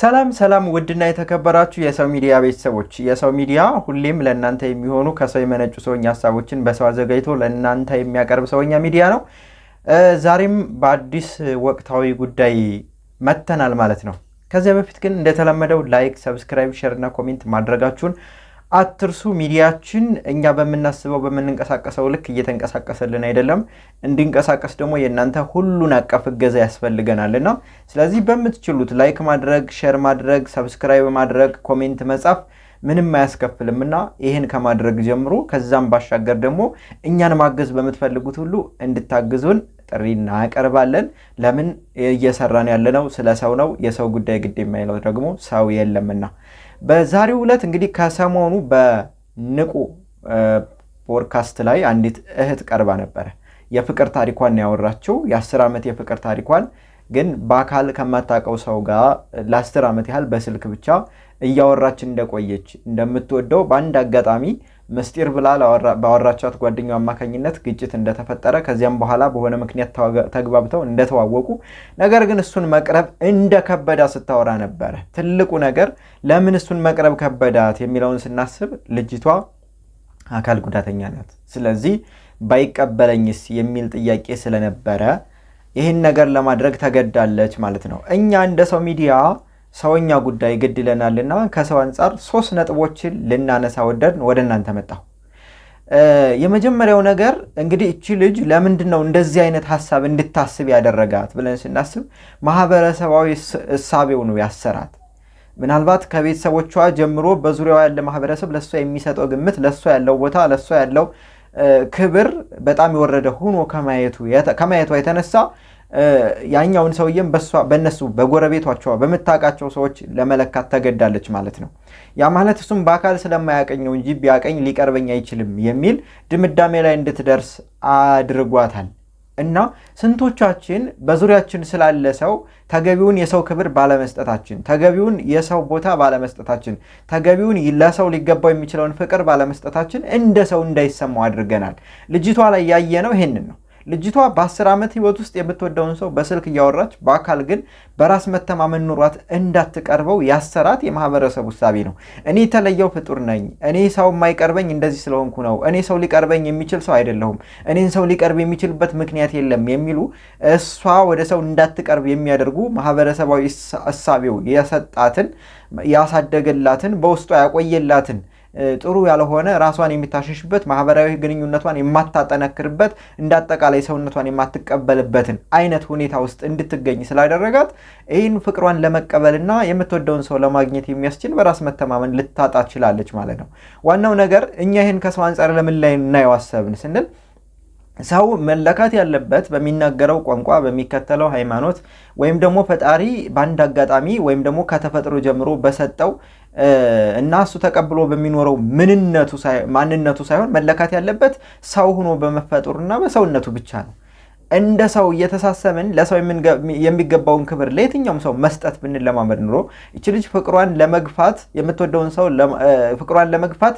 ሰላም ሰላም ውድና የተከበራችሁ የሰው ሚዲያ ቤተሰቦች፣ የሰው ሚዲያ ሁሌም ለእናንተ የሚሆኑ ከሰው የመነጩ ሰውኛ ሀሳቦችን በሰው አዘጋጅቶ ለእናንተ የሚያቀርብ ሰውኛ ሚዲያ ነው። ዛሬም በአዲስ ወቅታዊ ጉዳይ መጥተናል ማለት ነው። ከዚያ በፊት ግን እንደተለመደው ላይክ፣ ሰብስክራይብ፣ ሼር እና ኮሜንት ማድረጋችሁን አትርሱ። ሚዲያችን እኛ በምናስበው በምንንቀሳቀሰው ልክ እየተንቀሳቀሰልን አይደለም። እንድንቀሳቀስ ደግሞ የእናንተ ሁሉን አቀፍ እገዛ ያስፈልገናል ስለዚህ በምትችሉት ላይክ ማድረግ፣ ሼር ማድረግ፣ ሰብስክራይብ ማድረግ፣ ኮሜንት መጻፍ ምንም አያስከፍልም እና ይህን ከማድረግ ጀምሮ ከዛም ባሻገር ደግሞ እኛን ማገዝ በምትፈልጉት ሁሉ እንድታግዙን ጥሪ እናቀርባለን። ለምን እየሰራን ያለነው ስለ ሰው ነው። የሰው ጉዳይ ግድ የማይለው ደግሞ ሰው የለምና በዛሬው ዕለት እንግዲህ ከሰሞኑ በንቁ ፖድካስት ላይ አንዲት እህት ቀርባ ነበረ። የፍቅር ታሪኳን ያወራችው የአስር ዓመት የፍቅር ታሪኳን ግን በአካል ከማታውቀው ሰው ጋር ለአስር ዓመት ያህል በስልክ ብቻ እያወራች እንደቆየች እንደምትወደው በአንድ አጋጣሚ ምስጢር ብላ ባወራቻት ጓደኛው አማካኝነት ግጭት እንደተፈጠረ ከዚያም በኋላ በሆነ ምክንያት ተግባብተው እንደተዋወቁ ነገር ግን እሱን መቅረብ እንደከበዳ ስታወራ ነበረ። ትልቁ ነገር ለምን እሱን መቅረብ ከበዳት የሚለውን ስናስብ ልጅቷ አካል ጉዳተኛ ናት። ስለዚህ ባይቀበለኝስ የሚል ጥያቄ ስለነበረ ይህን ነገር ለማድረግ ተገዳለች ማለት ነው። እኛ እንደ ሰው ሚዲያ ሰውኛ ጉዳይ ግድ ከሰው አንጻር ሶስት ነጥቦችን ልናነሳ ወደድን ወደ እናንተ መጣሁ። የመጀመሪያው ነገር እንግዲህ እቺ ልጅ ለምንድን ነው እንደዚህ አይነት ሀሳብ እንድታስብ ያደረጋት ብለን ስናስብ ማህበረሰባዊ እሳቤው ነው ያሰራት። ምናልባት ከቤተሰቦቿ ጀምሮ በዙሪያዋ ያለ ማህበረሰብ ለእሷ የሚሰጠው ግምት፣ ለእሷ ያለው ቦታ፣ ለእሷ ያለው ክብር በጣም የወረደ ሆኖ ከማየቷ የተነሳ ያኛውን ሰውዬም በሷ በእነሱ በጎረቤቶቿ በምታውቃቸው ሰዎች ለመለካት ተገዳለች ማለት ነው። ያ ማለት እሱም በአካል ስለማያቀኘው እንጂ ቢያቀኝ ሊቀርበኝ አይችልም የሚል ድምዳሜ ላይ እንድትደርስ አድርጓታል። እና ስንቶቻችን በዙሪያችን ስላለ ሰው ተገቢውን የሰው ክብር ባለመስጠታችን፣ ተገቢውን የሰው ቦታ ባለመስጠታችን፣ ተገቢውን ለሰው ሊገባው የሚችለውን ፍቅር ባለመስጠታችን እንደ ሰው እንዳይሰማው አድርገናል። ልጅቷ ላይ ያየነው ይሄንን ነው። ልጅቷ በ10 ዓመት ህይወት ውስጥ የምትወደውን ሰው በስልክ እያወራች በአካል ግን በራስ መተማመን ኑሯት እንዳትቀርበው ያሰራት የማህበረሰብ ውሳቤ ነው። እኔ የተለየው ፍጡር ነኝ፣ እኔ ሰው የማይቀርበኝ እንደዚህ ስለሆንኩ ነው፣ እኔ ሰው ሊቀርበኝ የሚችል ሰው አይደለሁም፣ እኔን ሰው ሊቀርብ የሚችልበት ምክንያት የለም የሚሉ እሷ ወደ ሰው እንዳትቀርብ የሚያደርጉ ማህበረሰባዊ እሳቤው የሰጣትን ያሳደገላትን በውስጧ ያቆየላትን ጥሩ ያልሆነ ራሷን የሚታሸሽበት ማህበራዊ ግንኙነቷን የማታጠነክርበት እንደ አጠቃላይ ሰውነቷን የማትቀበልበትን አይነት ሁኔታ ውስጥ እንድትገኝ ስላደረጋት ይህን ፍቅሯን ለመቀበልና የምትወደውን ሰው ለማግኘት የሚያስችል በራስ መተማመን ልታጣ ችላለች ማለት ነው። ዋናው ነገር እኛ ይህን ከሰው አንጻር ለምን ላይ እናየዋሰብን ስንል ሰው መለካት ያለበት በሚናገረው ቋንቋ፣ በሚከተለው ሃይማኖት ወይም ደግሞ ፈጣሪ በአንድ አጋጣሚ ወይም ደግሞ ከተፈጥሮ ጀምሮ በሰጠው እና እሱ ተቀብሎ በሚኖረው ምንነቱ ማንነቱ ሳይሆን መለካት ያለበት ሰው ሆኖ በመፈጠሩና በሰውነቱ ብቻ ነው። እንደ ሰው እየተሳሰብን ለሰው የሚገባውን ክብር ለየትኛውም ሰው መስጠት ብንለማመድ ኑሮ ይች ልጅ ፍቅሯን ለመግፋት የምትወደውን ሰው ፍቅሯን ለመግፋት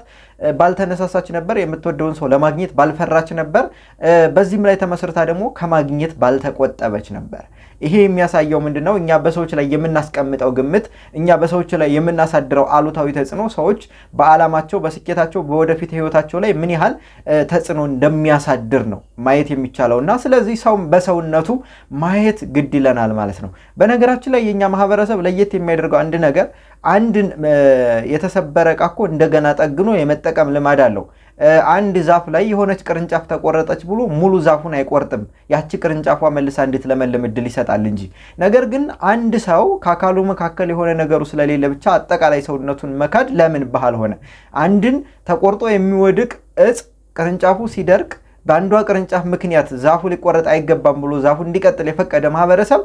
ባልተነሳሳች ነበር፣ የምትወደውን ሰው ለማግኘት ባልፈራች ነበር፣ በዚህም ላይ ተመስርታ ደግሞ ከማግኘት ባልተቆጠበች ነበር። ይሄ የሚያሳየው ምንድን ነው? እኛ በሰዎች ላይ የምናስቀምጠው ግምት፣ እኛ በሰዎች ላይ የምናሳድረው አሉታዊ ተጽዕኖ ሰዎች በዓላማቸው፣ በስኬታቸው፣ በወደፊት ህይወታቸው ላይ ምን ያህል ተጽዕኖ እንደሚያሳድር ነው ማየት የሚቻለው እና ስለዚህ ሰው በሰውነቱ ማየት ግድ ይለናል ማለት ነው። በነገራችን ላይ የእኛ ማህበረሰብ ለየት የሚያደርገው አንድ ነገር አንድን የተሰበረ ዕቃ እኮ እንደገና ጠግኖ የመጠቀም ልማድ አለው። አንድ ዛፍ ላይ የሆነች ቅርንጫፍ ተቆረጠች ብሎ ሙሉ ዛፉን አይቆርጥም። ያቺ ቅርንጫፏ መልሳ እንድትለመልም እድል ይሰጣል እንጂ። ነገር ግን አንድ ሰው ከአካሉ መካከል የሆነ ነገሩ ስለሌለ ብቻ አጠቃላይ ሰውነቱን መካድ ለምን ባህል ሆነ? አንድን ተቆርጦ የሚወድቅ እጽ ቅርንጫፉ ሲደርቅ በአንዷ ቅርንጫፍ ምክንያት ዛፉ ሊቆረጥ አይገባም ብሎ ዛፉ እንዲቀጥል የፈቀደ ማህበረሰብ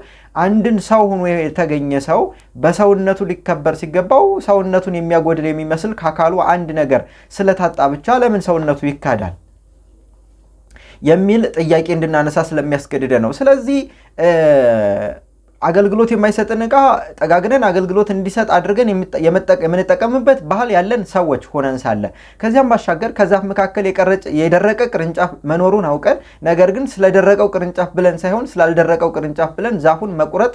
አንድን ሰው ሆኖ የተገኘ ሰው በሰውነቱ ሊከበር ሲገባው ሰውነቱን የሚያጎድል የሚመስል ከአካሉ አንድ ነገር ስለታጣ ብቻ ለምን ሰውነቱ ይካዳል የሚል ጥያቄ እንድናነሳ ስለሚያስገድደ ነው። ስለዚህ አገልግሎት የማይሰጥን እቃ ጠጋግነን አገልግሎት እንዲሰጥ አድርገን የምንጠቀምበት ባህል ያለን ሰዎች ሆነን ሳለ ከዚያም ባሻገር ከዛፍ መካከል የደረቀ ቅርንጫፍ መኖሩን አውቀን ነገር ግን ስለደረቀው ቅርንጫፍ ብለን ሳይሆን ስላልደረቀው ቅርንጫፍ ብለን ዛፉን መቁረጥ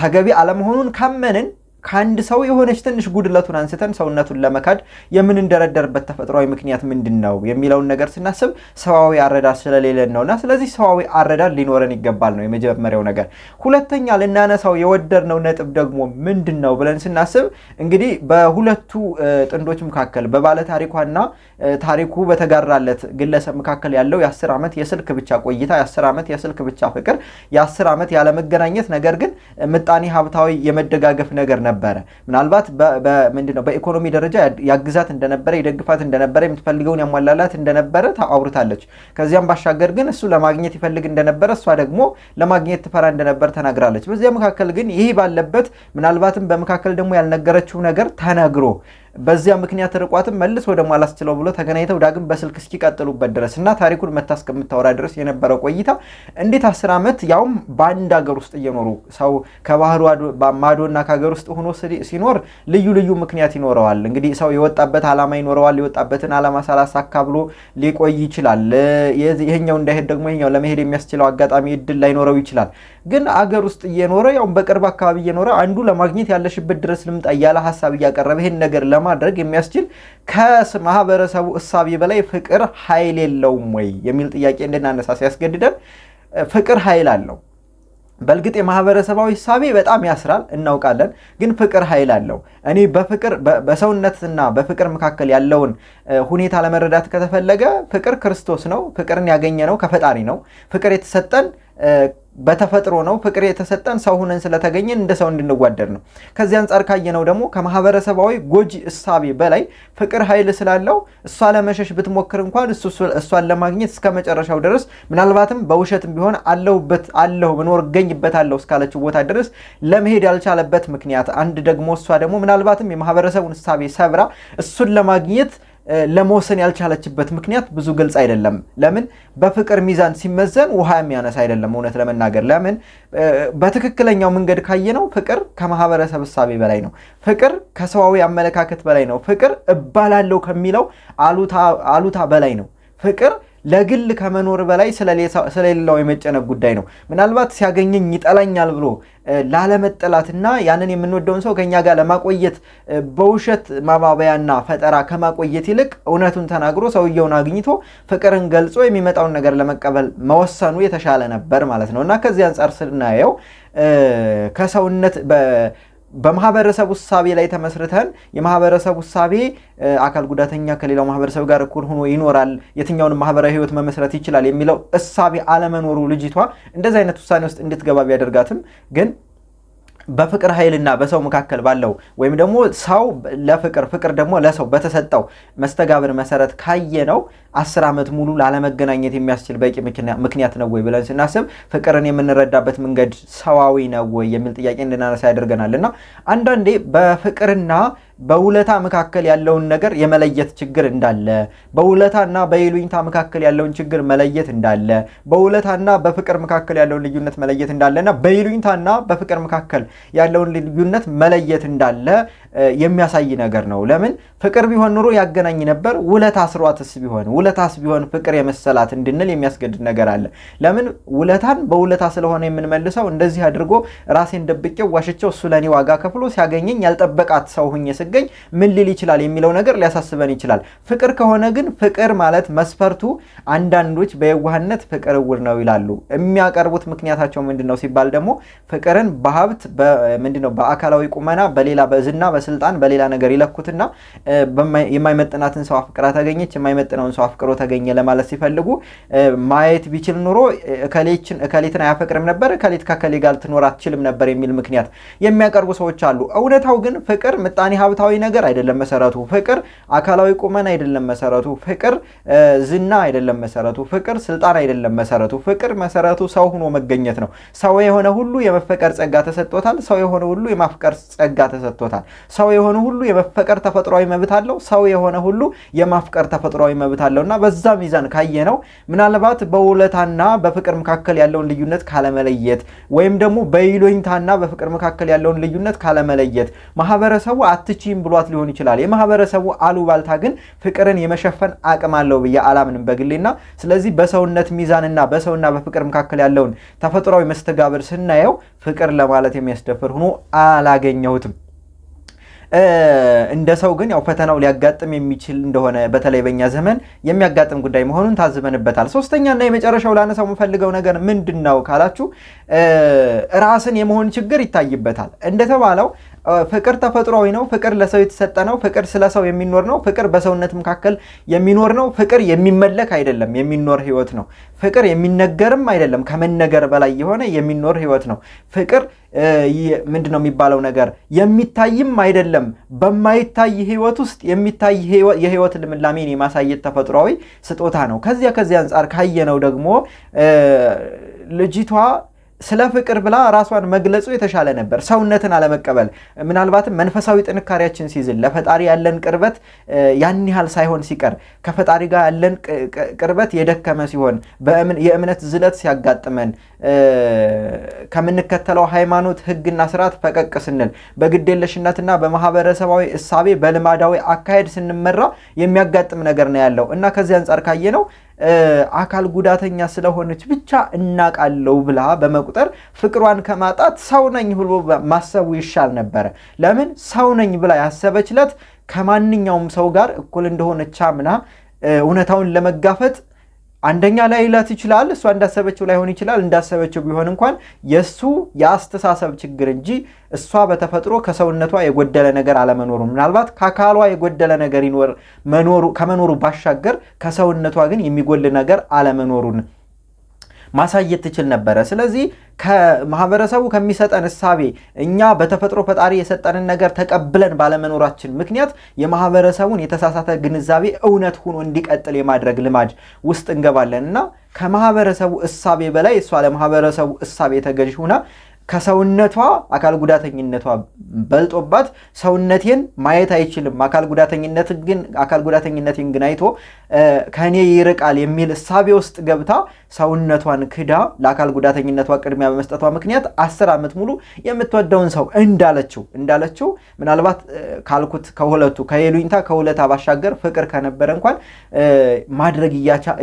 ተገቢ አለመሆኑን ካመንን ከአንድ ሰው የሆነች ትንሽ ጉድለቱን አንስተን ሰውነቱን ለመካድ የምንደረደርበት ተፈጥሯዊ ምክንያት ምንድን ነው የሚለውን ነገር ስናስብ ሰዋዊ አረዳድ ስለሌለን እና ስለዚህ ሰዋዊ አረዳድ ሊኖረን ይገባል ነው የመጀመሪያው ነገር። ሁለተኛ ልናነሳው የወደድነው ነጥብ ደግሞ ምንድን ነው ብለን ስናስብ እንግዲህ በሁለቱ ጥንዶች መካከል በባለታሪኳና ታሪኩ በተጋራለት ግለሰብ መካከል ያለው የአስር ዓመት የስልክ ብቻ ቆይታ፣ የአስር ዓመት የስልክ ብቻ ፍቅር፣ የአስር ዓመት ያለመገናኘት ነገር ግን ምጣኔ ሀብታዊ የመደጋገፍ ነገር ነበር ነበረ። ምናልባት ምንድነው በኢኮኖሚ ደረጃ ያግዛት እንደነበረ ይደግፋት እንደነበረ የምትፈልገውን ያሟላላት እንደነበረ አውርታለች። ከዚያም ባሻገር ግን እሱ ለማግኘት ይፈልግ እንደነበረ እሷ ደግሞ ለማግኘት ትፈራ እንደነበር ተናግራለች። በዚያ መካከል ግን ይህ ባለበት ምናልባትም በመካከል ደግሞ ያልነገረችው ነገር ተነግሮ በዚያ ምክንያት ርቋትም መልሶ ደግሞ አላስችለው ብሎ ተገናኝተው ዳግም በስልክ እስኪቀጥሉበት ድረስ እና ታሪኩን መታ እስከምታወራ ድረስ የነበረው ቆይታ እንዴት አስር ዓመት ያውም በአንድ ሀገር ውስጥ እየኖሩ ሰው ከባህሩ ማዶና ከሀገር ውስጥ ሆኖ ሲኖር ልዩ ልዩ ምክንያት ይኖረዋል። እንግዲህ ሰው የወጣበት ዓላማ ይኖረዋል። የወጣበትን ዓላማ ሳላሳካ ብሎ ሊቆይ ይችላል። ይሄኛው እንዳይሄድ ደግሞ ይሄኛው ለመሄድ የሚያስችለው አጋጣሚ እድል ላይኖረው ይችላል። ግን አገር ውስጥ እየኖረ ያውም በቅርብ አካባቢ እየኖረ አንዱ ለማግኘት ያለሽበት ድረስ ልምጣ እያለ ሀሳብ እያቀረበ ይሄን ነገር ለማድረግ የሚያስችል ከማህበረሰቡ እሳቤ በላይ ፍቅር ኃይል የለውም ወይ የሚል ጥያቄ እንድናነሳ ሲያስገድደን፣ ፍቅር ኃይል አለው። በእርግጥ የማህበረሰባዊ እሳቤ በጣም ያስራል እናውቃለን። ግን ፍቅር ኃይል አለው። እኔ በፍቅር በሰውነትና በፍቅር መካከል ያለውን ሁኔታ ለመረዳት ከተፈለገ ፍቅር ክርስቶስ ነው። ፍቅርን ያገኘ ነው ከፈጣሪ ነው። ፍቅር የተሰጠን በተፈጥሮ ነው ፍቅር የተሰጠን ሰው ሁነን ስለተገኘን እንደ ሰው እንድንዋደድ ነው። ከዚህ አንጻር ካየነው ደግሞ ከማህበረሰባዊ ጎጂ እሳቤ በላይ ፍቅር ኃይል ስላለው እሷ ለመሸሽ ብትሞክር እንኳን እሷን ለማግኘት እስከ መጨረሻው ድረስ ምናልባትም በውሸትም ቢሆን አለሁበት አለሁ ብኖር እገኝበታለሁ እስካለችው ቦታ ድረስ ለመሄድ ያልቻለበት ምክንያት አንድ ደግሞ እሷ ደግሞ ምናልባትም የማህበረሰቡን እሳቤ ሰብራ እሱን ለማግኘት ለመወሰን ያልቻለችበት ምክንያት ብዙ ግልጽ አይደለም። ለምን በፍቅር ሚዛን ሲመዘን ውሃ የሚያነስ አይደለም። እውነት ለመናገር ለምን በትክክለኛው መንገድ ካየነው ፍቅር ከማህበረሰብ እሳቤ በላይ ነው። ፍቅር ከሰዋዊ አመለካከት በላይ ነው። ፍቅር እባላለሁ ከሚለው አሉታ በላይ ነው። ፍቅር ለግል ከመኖር በላይ ስለሌላው የመጨነቅ ጉዳይ ነው። ምናልባት ሲያገኘኝ ይጠላኛል ብሎ ላለመጠላትና ያንን የምንወደውን ሰው ከኛ ጋር ለማቆየት በውሸት ማባበያና ፈጠራ ከማቆየት ይልቅ እውነቱን ተናግሮ ሰውየውን አግኝቶ ፍቅርን ገልጾ የሚመጣውን ነገር ለመቀበል መወሰኑ የተሻለ ነበር ማለት ነው እና ከዚህ አንጻር ስናየው ከሰውነት በማህበረሰብ ውሳቤ ላይ ተመስርተን የማህበረሰብ ውሳቤ አካል ጉዳተኛ ከሌላው ማህበረሰብ ጋር እኩል ሆኖ ይኖራል፣ የትኛውን ማህበራዊ ህይወት መመስረት ይችላል የሚለው እሳቤ አለመኖሩ ልጅቷ እንደዚህ አይነት ውሳኔ ውስጥ እንድትገባ ቢያደርጋትም ግን በፍቅር ኃይልና በሰው መካከል ባለው ወይም ደግሞ ሰው ለፍቅር ፍቅር ደግሞ ለሰው በተሰጠው መስተጋብር መሰረት ካየ ነው አስር ዓመት ሙሉ ላለመገናኘት የሚያስችል በቂ ምክንያት ነው ወይ ብለን ስናስብ ፍቅርን የምንረዳበት መንገድ ሰዋዊ ነው ወይ የሚል ጥያቄ እንድናነሳ ያደርገናል እና አንዳንዴ በፍቅርና በውለታ መካከል ያለውን ነገር የመለየት ችግር እንዳለ፣ በውለታና በይሉኝታ መካከል ያለውን ችግር መለየት እንዳለ፣ በውለታና በፍቅር መካከል ያለውን ልዩነት መለየት እንዳለና በይሉኝታና በፍቅር መካከል ያለውን ልዩነት መለየት እንዳለ የሚያሳይ ነገር ነው። ለምን ፍቅር ቢሆን ኑሮ ያገናኝ ነበር። ውለታ አስሯትስ ቢሆን ውለታስ ቢሆን ፍቅር የመሰላት እንድንል የሚያስገድድ ነገር አለ። ለምን ውለታን በውለታ ስለሆነ የምንመልሰው። እንደዚህ አድርጎ ራሴን ደብቄው ዋሽቸው እሱ ለእኔ ዋጋ ከፍሎ ሲያገኘኝ ያልጠበቃት ሰው ሁኜ ስገኝ ምን ሊል ይችላል የሚለው ነገር ሊያሳስበን ይችላል። ፍቅር ከሆነ ግን ፍቅር ማለት መስፈርቱ አንዳንዶች በየዋህነት ፍቅር እውር ነው ይላሉ። የሚያቀርቡት ምክንያታቸው ምንድን ነው ሲባል ደግሞ ፍቅርን በሀብት ምንድን ነው በአካላዊ ቁመና በሌላ በዝና ባለስልጣን በሌላ ነገር ይለኩትና የማይመጥናትን ሰው አፍቅራ ተገኘች፣ የማይመጥነውን ሰው አፍቅሮ ተገኘ ለማለት ሲፈልጉ ማየት ቢችል ኑሮ እከሌትን አያፈቅርም ነበር፣ እከሌት ከከሌ ጋር ልትኖር አትችልም ነበር የሚል ምክንያት የሚያቀርቡ ሰዎች አሉ። እውነታው ግን ፍቅር ምጣኔ ሀብታዊ ነገር አይደለም መሰረቱ። ፍቅር አካላዊ ቁመን አይደለም መሰረቱ። ፍቅር ዝና አይደለም መሰረቱ። ፍቅር ስልጣን አይደለም መሰረቱ። ፍቅር መሰረቱ ሰው ሆኖ መገኘት ነው። ሰው የሆነ ሁሉ የመፈቀር ጸጋ ተሰጥቶታል። ሰው የሆነ ሁሉ የማፍቀር ጸጋ ተሰጥቶታል። ሰው የሆነ ሁሉ የመፈቀር ተፈጥሯዊ መብት አለው። ሰው የሆነ ሁሉ የማፍቀር ተፈጥሯዊ መብት አለው እና በዛ ሚዛን ካየ ነው ምናልባት በውለታና በፍቅር መካከል ያለውን ልዩነት ካለመለየት ወይም ደግሞ በይሎኝታና በፍቅር መካከል ያለውን ልዩነት ካለመለየት ማህበረሰቡ አትችም ብሏት ሊሆን ይችላል። የማህበረሰቡ አሉባልታ ግን ፍቅርን የመሸፈን አቅም አለው ብዬ አላምንም በግሌና። ስለዚህ በሰውነት ሚዛንና በሰውና በፍቅር መካከል ያለውን ተፈጥሯዊ መስተጋብር ስናየው ፍቅር ለማለት የሚያስደፍር ሆኖ አላገኘሁትም። እንደ ሰው ግን ያው ፈተናው ሊያጋጥም የሚችል እንደሆነ በተለይ በእኛ ዘመን የሚያጋጥም ጉዳይ መሆኑን ታዝበንበታል። ሶስተኛና የመጨረሻው ላነሳው የምፈልገው ነገር ምንድን ነው ካላችሁ ራስን የመሆን ችግር ይታይበታል። እንደተባለው ፍቅር ተፈጥሯዊ ነው። ፍቅር ለሰው የተሰጠ ነው። ፍቅር ስለ ሰው የሚኖር ነው። ፍቅር በሰውነት መካከል የሚኖር ነው። ፍቅር የሚመለክ አይደለም፣ የሚኖር ህይወት ነው። ፍቅር የሚነገርም አይደለም፣ ከመነገር በላይ የሆነ የሚኖር ህይወት ነው። ፍቅር ምንድን ነው የሚባለው ነገር የሚታይም አይደለም። በማይታይ ህይወት ውስጥ የሚታይ የህይወት ልምላሜን የማሳየት ተፈጥሯዊ ስጦታ ነው። ከዚያ ከዚያ አንጻር ካየነው ደግሞ ልጅቷ ስለ ፍቅር ብላ ራሷን መግለጹ የተሻለ ነበር። ሰውነትን አለመቀበል ምናልባትም መንፈሳዊ ጥንካሬያችን ሲዝል ለፈጣሪ ያለን ቅርበት ያን ያህል ሳይሆን ሲቀር ከፈጣሪ ጋር ያለን ቅርበት የደከመ ሲሆን የእምነት ዝለት ሲያጋጥመን ከምንከተለው ሃይማኖት ሕግና ስርዓት ፈቀቅ ስንል በግዴለሽነትና በማህበረሰባዊ እሳቤ በልማዳዊ አካሄድ ስንመራ የሚያጋጥም ነገር ነው ያለው እና ከዚህ አንጻር ካየ ነው አካል ጉዳተኛ ስለሆነች ብቻ እናቃለው ብላ በመቁጠር ፍቅሯን ከማጣት ሰው ነኝ ብሎ ማሰቡ ይሻል ነበረ። ለምን ሰው ነኝ ብላ ያሰበችለት ከማንኛውም ሰው ጋር እኩል እንደሆነች አምና እውነታውን ለመጋፈጥ አንደኛ ላይ ለት ይችላል። እሷ እንዳሰበችው ላይሆን ይችላል። እንዳሰበችው ቢሆን እንኳን የእሱ የአስተሳሰብ ችግር እንጂ እሷ በተፈጥሮ ከሰውነቷ የጎደለ ነገር አለመኖሩ፣ ምናልባት ከአካሏ የጎደለ ነገር ይኖር መኖሩ ከመኖሩ ባሻገር ከሰውነቷ ግን የሚጎል ነገር አለመኖሩን ማሳየት ትችል ነበረ። ስለዚህ ከማህበረሰቡ ከሚሰጠን እሳቤ እኛ በተፈጥሮ ፈጣሪ የሰጠንን ነገር ተቀብለን ባለመኖራችን ምክንያት የማህበረሰቡን የተሳሳተ ግንዛቤ እውነት ሆኖ እንዲቀጥል የማድረግ ልማድ ውስጥ እንገባለን እና ከማህበረሰቡ እሳቤ በላይ እሷ ለማህበረሰቡ እሳቤ ተገዥ ሁና ከሰውነቷ አካል ጉዳተኝነቷ በልጦባት ሰውነቴን ማየት አይችልም አካል ጉዳተኝነት ግን አካል ጉዳተኝነቴን ግን አይቶ ከእኔ ይርቃል የሚል እሳቤ ውስጥ ገብታ ሰውነቷን ክዳ ለአካል ጉዳተኝነቷ ቅድሚያ በመስጠቷ ምክንያት አስር ዓመት ሙሉ የምትወደውን ሰው እንዳለችው እንዳለችው ምናልባት ካልኩት ከሁለቱ ከየሉኝታ ከሁለታ ባሻገር ፍቅር ከነበረ እንኳን ማድረግ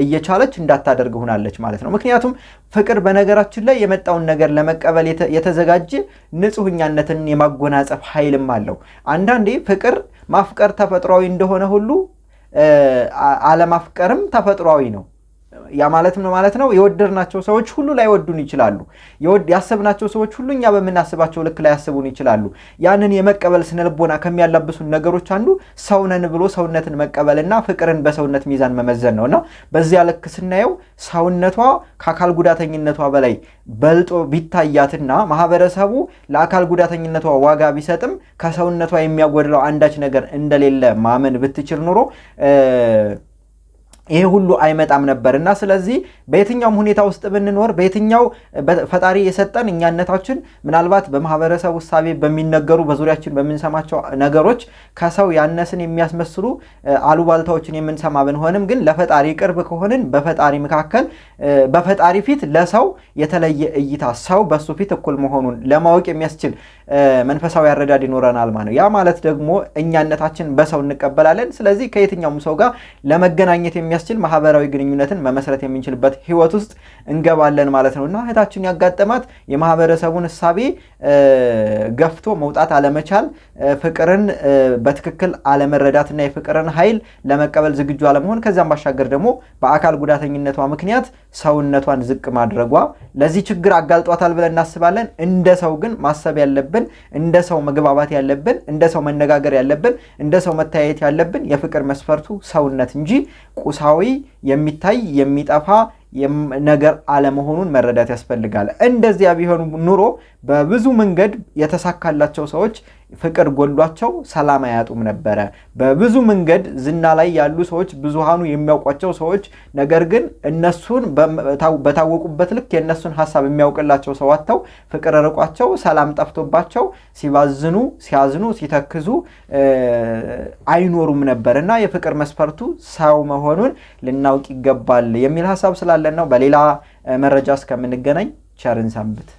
እየቻለች እንዳታደርግ ሆናለች ማለት ነው። ምክንያቱም ፍቅር በነገራችን ላይ የመጣውን ነገር ለመቀበል የተዘጋጀ ንጹሕኛነትን የማጎናጸፍ ኃይልም አለው። አንዳንዴ ፍቅር ማፍቀር ተፈጥሯዊ እንደሆነ ሁሉ አለማፍቀርም ተፈጥሯዊ ነው። ያ ማለት ነው ማለት ነው የወደድናቸው ሰዎች ሁሉ ላይወዱን ይችላሉ። ያሰብናቸው ሰዎች ሁሉ እኛ በምናስባቸው ልክ ላያስቡን ይችላሉ። ያንን የመቀበል ስነልቦና ከሚያላብሱን ነገሮች አንዱ ሰውነን ብሎ ሰውነትን መቀበልና ፍቅርን በሰውነት ሚዛን መመዘን ነው እና በዚያ ልክ ስናየው ሰውነቷ ከአካል ጉዳተኝነቷ በላይ በልጦ ቢታያትና ማህበረሰቡ ለአካል ጉዳተኝነቷ ዋጋ ቢሰጥም ከሰውነቷ የሚያጎድለው አንዳች ነገር እንደሌለ ማመን ብትችል ኑሮ ይሄ ሁሉ አይመጣም ነበር እና ስለዚህ በየትኛውም ሁኔታ ውስጥ ብንኖር በየትኛው ፈጣሪ የሰጠን እኛነታችን ምናልባት በማህበረሰብ ውሳቤ በሚነገሩ በዙሪያችን በምንሰማቸው ነገሮች ከሰው ያነስን የሚያስመስሉ አሉባልታዎችን የምንሰማ ብንሆንም ግን ለፈጣሪ ቅርብ ከሆንን በፈጣሪ መካከል በፈጣሪ ፊት ለሰው የተለየ እይታ ሰው በሱ ፊት እኩል መሆኑን ለማወቅ የሚያስችል መንፈሳዊ አረዳድ ይኖረናል ማለት ያ ማለት ደግሞ እኛነታችን በሰው እንቀበላለን። ስለዚህ ከየትኛውም ሰው ጋር ለመገናኘት የሚያስችል ማህበራዊ ግንኙነትን መመስረት የምንችልበት ህይወት ውስጥ እንገባለን ማለት ነው እና እህታችን ያጋጠማት የማህበረሰቡን እሳቤ ገፍቶ መውጣት አለመቻል፣ ፍቅርን በትክክል አለመረዳትና የፍቅርን ኃይል ለመቀበል ዝግጁ አለመሆን ከዚያም ባሻገር ደግሞ በአካል ጉዳተኝነቷ ምክንያት ሰውነቷን ዝቅ ማድረጓ ለዚህ ችግር አጋልጧታል ብለን እናስባለን። እንደ ሰው ግን ማሰብ ያለብን እንደ ሰው መግባባት ያለብን እንደ ሰው መነጋገር ያለብን እንደ ሰው መታየት ያለብን የፍቅር መስፈርቱ ሰውነት እንጂ ቁሳ መንፈሳዊ የሚታይ የሚጠፋ ነገር አለመሆኑን መረዳት ያስፈልጋል። እንደዚያ ቢሆን ኑሮ በብዙ መንገድ የተሳካላቸው ሰዎች ፍቅር ጎሏቸው ሰላም አያጡም ነበረ። በብዙ መንገድ ዝና ላይ ያሉ ሰዎች ብዙሃኑ የሚያውቋቸው ሰዎች፣ ነገር ግን እነሱን በታወቁበት ልክ የእነሱን ሀሳብ የሚያውቅላቸው ሰው አጥተው ፍቅር ርቋቸው ሰላም ጠፍቶባቸው ሲባዝኑ፣ ሲያዝኑ፣ ሲተክዙ አይኖሩም ነበር እና የፍቅር መስፈርቱ ሰው መሆኑን ልናውቅ ይገባል የሚል ሀሳብ ስላለን ነው። በሌላ መረጃ እስከምንገናኝ ቸርን ሰንብት።